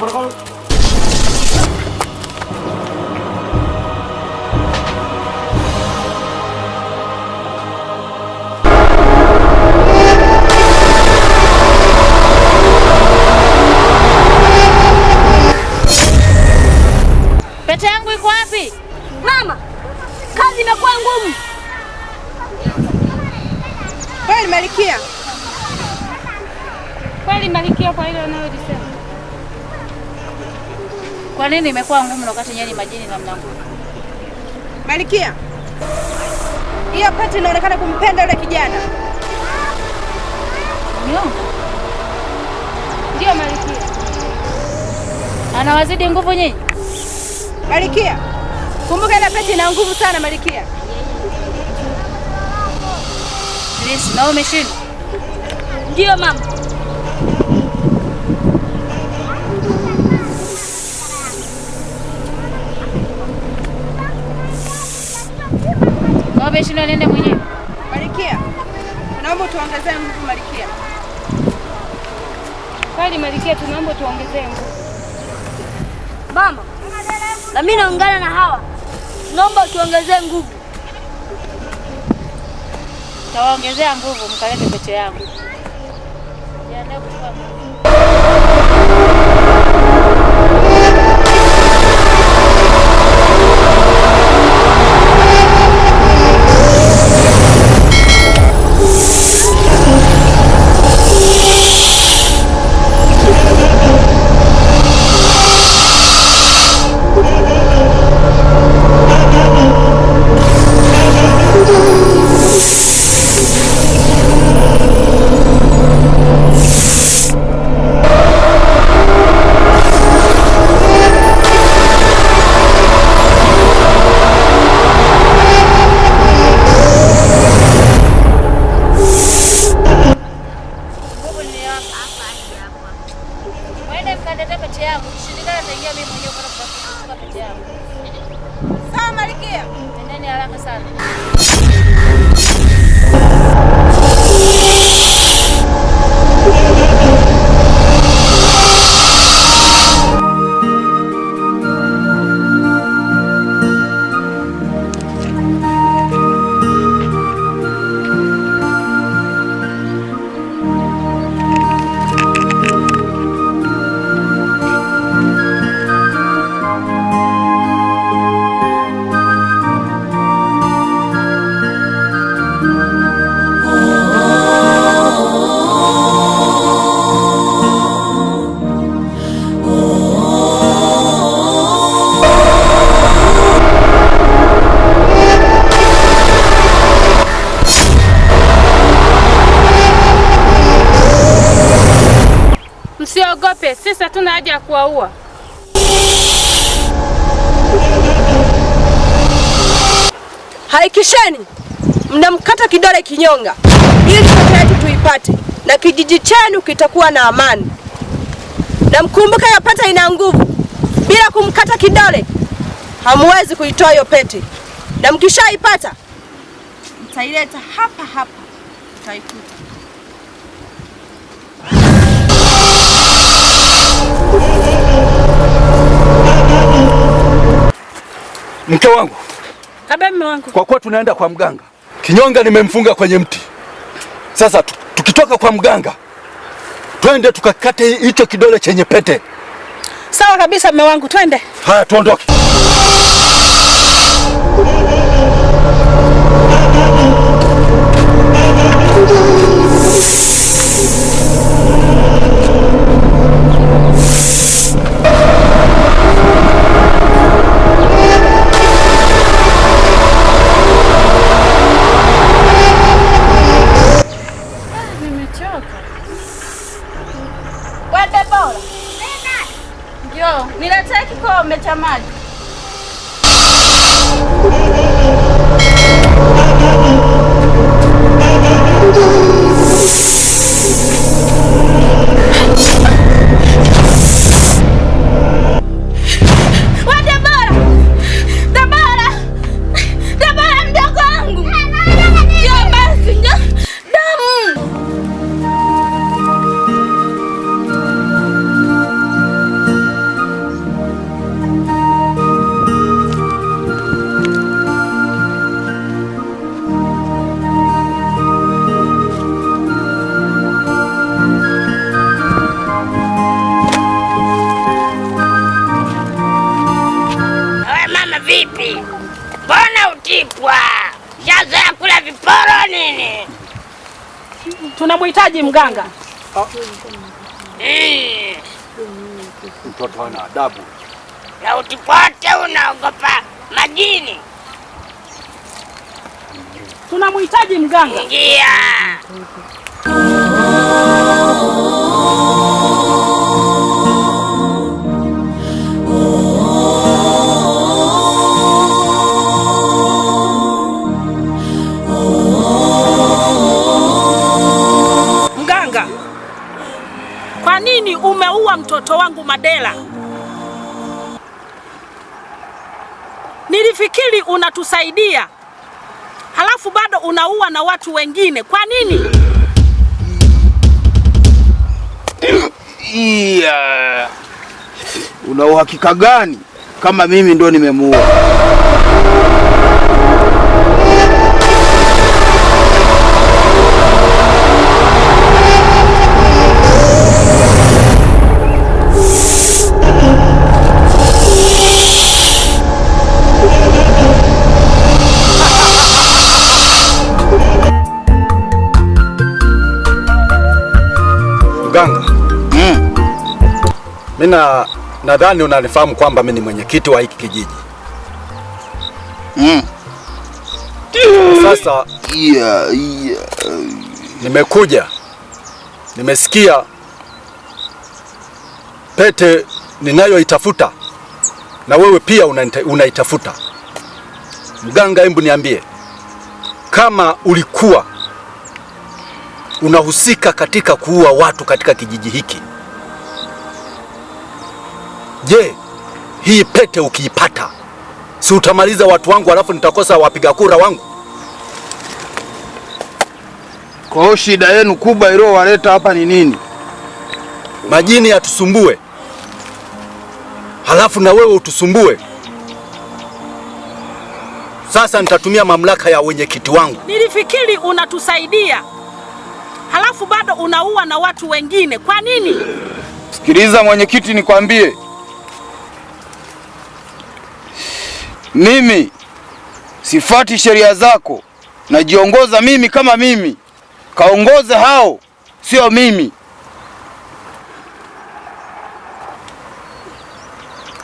これこれ nini imekuwa ngumu na wakati yenyewe majini na mnangu? Malikia, hiyo Pati inaonekana kumpenda yule kijana. Ndio Malikia anawazidi nguvu nyinyi. Malikia, kumbuka ile Pati ina nguvu sana Malikia. Please, na umeshinda. Ndio mama. Ng'ombe Shino nende mwenyewe. Malikia. Naomba tuongezee nguvu Malikia. Kali Malikia, tunaomba tuongezee nguvu. Mama, na mimi naungana na hawa. Tunaomba tuongezee nguvu. Tawaongezea nguvu mkalete pete yangu. Jiandae kuchukua ya kuwaua. Haikisheni, mnamkata kidole kinyonga ili sote yetu tuipate na kijiji chenu kitakuwa na amani. Na mkumbuka ya pete ina nguvu, bila kumkata kidole hamwezi kuitoa hiyo pete, na mkishaipata mtaileta hapa hapa, mtaikuta. mke wangu, Kabe mme wangu, kwa kuwa tunaenda kwa mganga, kinyonga nimemfunga kwenye mti. Sasa tukitoka kwa mganga, twende tukakate hicho kidole chenye pete. Sawa kabisa, mme wangu, twende. Haya, tuondoke. chamar. Unamsemaje mganga? Ah. Eh. Mtoto ana adabu. Na utipate unaogopa majini. Tunamhitaji mganga. Ingia. Mandela. Nilifikiri unatusaidia halafu bado unaua na watu wengine, kwa nini? Yeah. Una uhakika gani kama mimi ndo nimemuua? tena nadhani unanifahamu kwamba mimi ni mwenyekiti wa hiki kijiji. Mm. Sasa yeah, yeah. Nimekuja, nimesikia pete ninayoitafuta na wewe pia unaitafuta. Mganga, hebu niambie kama ulikuwa unahusika katika kuua watu katika kijiji hiki Je, hii pete ukiipata, si utamaliza watu wangu, alafu nitakosa wapiga kura wangu? Kwa hiyo shida yenu kubwa iliyowaleta hapa ni nini? Majini yatusumbue, halafu na wewe utusumbue. Sasa nitatumia mamlaka ya wenyekiti wangu. Nilifikiri unatusaidia, halafu bado unaua na watu wengine. Kwa nini? Sikiliza mwenyekiti, nikwambie Mimi sifati sheria zako, najiongoza mimi kama mimi, kaongoze hao, sio mimi.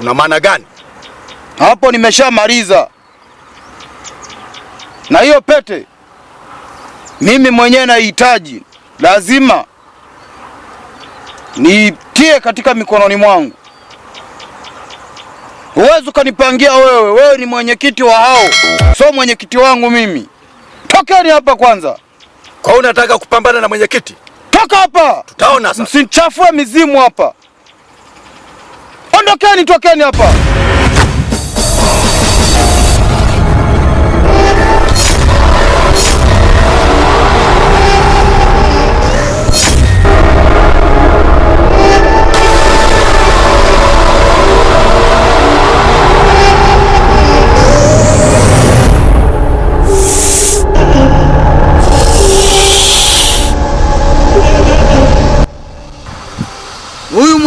Una maana gani hapo? Nimeshamaliza na hiyo pete, mimi mwenyewe naihitaji, lazima niitie katika mikononi mwangu. Huwezi ukanipangia wewe, wewe ni mwenyekiti wa hao, sio mwenyekiti wangu mimi. Tokeni hapa kwanza. Kwa hiyo unataka kupambana na mwenyekiti? Toka hapa, tutaona sasa. Msinchafue mizimu hapa, ondokeni, tokeni hapa.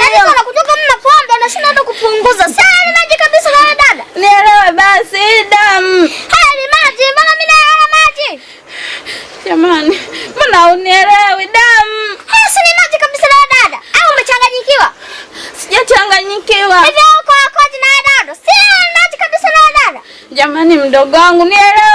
Tatizo yaani kutoka mna pombe hata kupunguza. Sasa ni maji kabisa na dada. Nielewe basi damu. Haya ni maji, mbona mimi maji? Jamani, mbona unielewi damu? Haya si ni maji kabisa na dada. Au umechanganyikiwa? Sijachanganyikiwa. Hivi uko dada? Si ni maji kabisa na dada. Jamani mdogo wangu nielewe.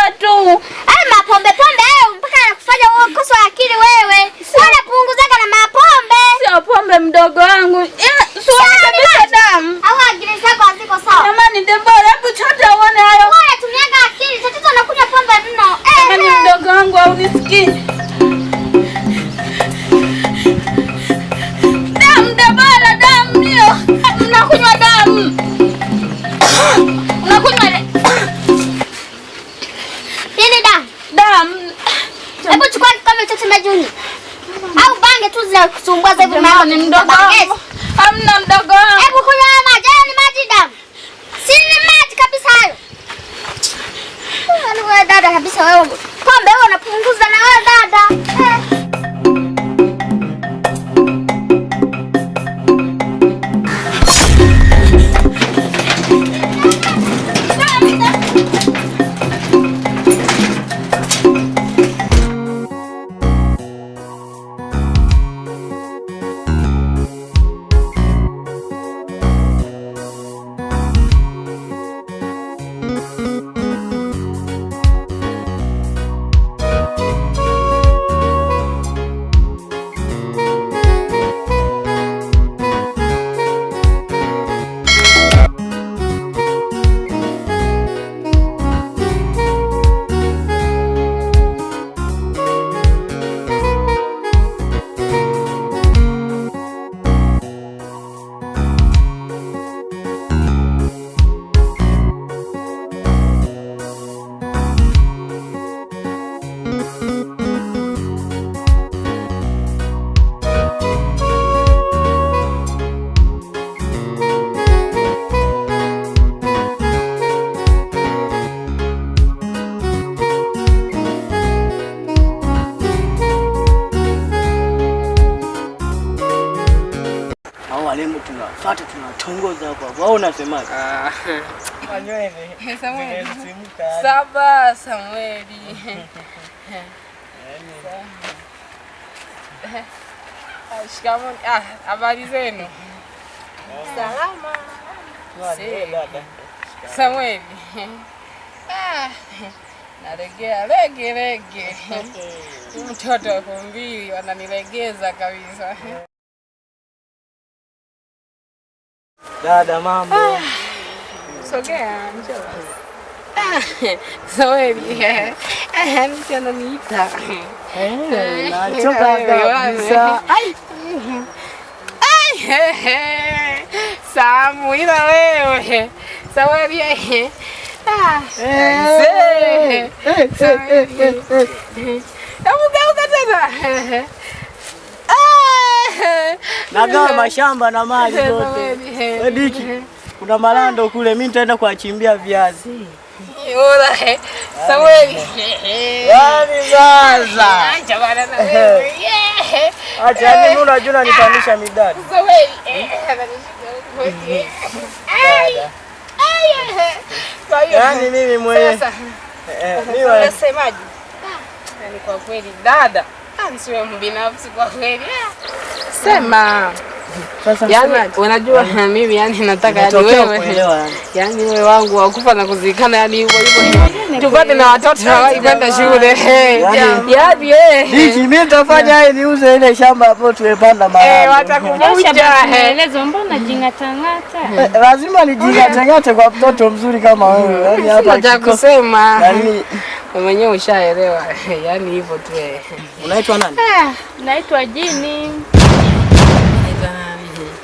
marehemu tunawafuata, tunawatongoza hapa. Wao unasemaje? Ah. Saba Samweli eh, Shikamoo. Ah, habari zenu? Salama. Samueli. Ah. Nalegea lege mtoto elfu mbili wananilegeza kabisa. Eh. Dada, mambo. sogea njoo. So so Eh, Ah, mtu ananiita. Eh, nachoka eh, eh, kabisa. Ai. Ai. Samu ila wewe. So wewe. Ah. Eh. Hebu geuka tena. Ah. Nagawa mashamba na mali yote. Diki, kuna malando kule, mimi nitaenda kuachimbia viazi. Yaani, yaani Achani, yaani unajua unanipandisha midadi. Mm-hmm. Mm-hmm. Yaani mimi mwenyewe. Eh, eh, unasemaje? Ah. Yaani kwa kweli dada Ah, Siwe mbinafsi kwa kweli. Ah. Sema. Yaani unajua mm. mimi yani nataka yani wewe. Yaani wewe wangu wakufa na kuzikana yani hivyo hivyo. Yaani, yaani Tupate na watoto yaani, hawahi kwenda shule. Yaani eh. Hiki mimi nitafanya yeye niuze ile shamba hapo tuepanda mara. Eh, watakuvuja. Elezo mbona jingatangata? Eh, eh, lazima nijingatangate kwa mtoto mzuri kama wewe. Yaani hapa kusema. Yaani mwenyewe ushaelewa. Yaani hivyo tu. Eh. Eh, Unaitwa nani? Naitwa Jini.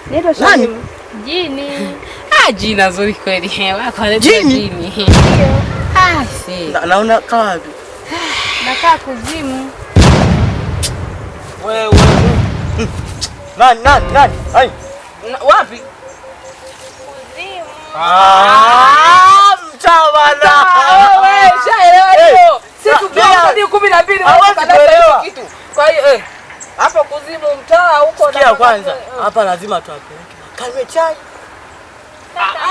Naitwa nani? Jini. Ah, jina zuri kweli. Wako anaitwa Jini. Ah, ah, si. Na unakaa wapi? Nakaa kuzimu. Wewe. Nani nani nani? Hai. Wapi? Kuzimu. Ah, mtawala. Ah, Eh, kumi na mbili kitu. Kwa hiyo eh, hapo kuzimu mtaa huko na kwanza eh. hapa lazima tuapeleke kanywe chai.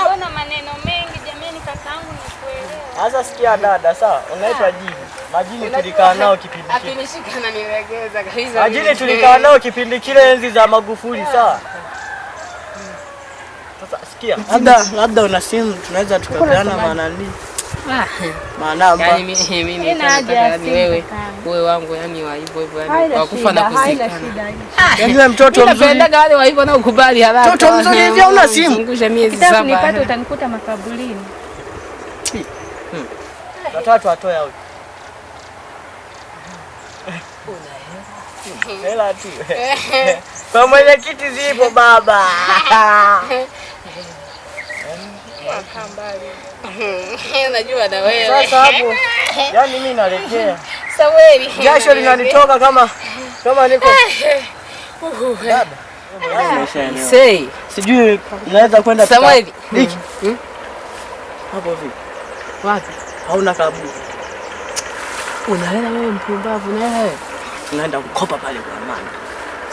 Mbona maneno mengi jamani, kakaangu nikuelewa. Sasa sikia dada, sawa, unaitwa ah. Jini. Majini tulikaa nao kipindi kile. Akinishika na kabisa. Majini tulikaa nao kipindi kile enzi za Magufuli, ah. sawa? Sasa sikia, labda labda una simu tunaweza tukapeana maana nini? Yaani yaani wewe uwe wangu yani wa hivyo hivyo yaani wakufa na kuzikana. Ah! Yaani mtoto mzuri. Napendaga wale wa hivyo na ukubali haraka. Mtoto mzuri hivi una simu. Zungusha miezi saba. Kitabu nipate utanikuta makaburini. Watatu hmm. atoe huyo. Una hela. Hela tu. Kwa mwenyekiti zipo baba. Kaa mbali. Najua na wewe. Sasa hapo. Yaani mimi naletea. Saweli. Jasho linanitoka kama kama niko. Baba. Sei, sijui naweza kwenda Samweli. Diki. Hmm? Hapo vipi? Wapi? Hauna kaburi. Unaenda wewe mpumbavu na wewe. Unaenda kukopa pale kwa mama.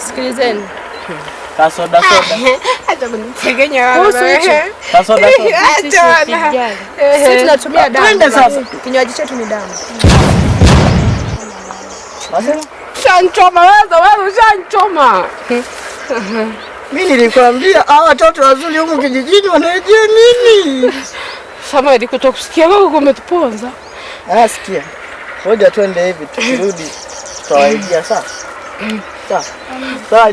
Sikilizeni. Hmm. Kasoda ah, soda. Shanchoma wewe, wewe ushanchoma. Eh? Mimi nilikwambia hawa watoto wazuri huko kijijini wanajua nini? Samahani kutokusikia wewe umetuponza. Ah, sikia. Ngoja twende hivi tukirudi tutawaidia sasa. Eh. Sawa. Sawa.